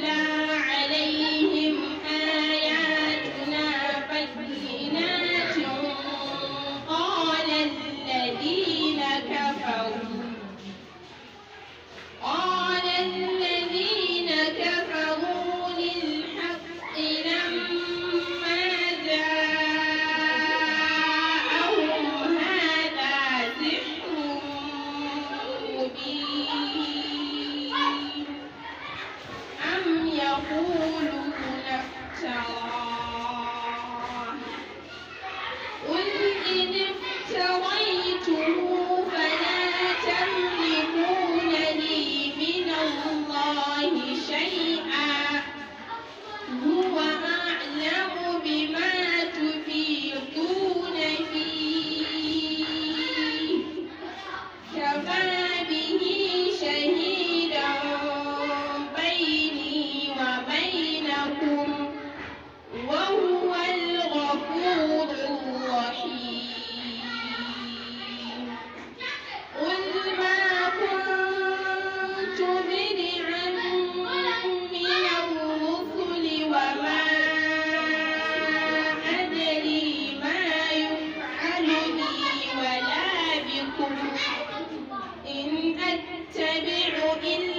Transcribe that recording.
لا يقولون افتراه إلا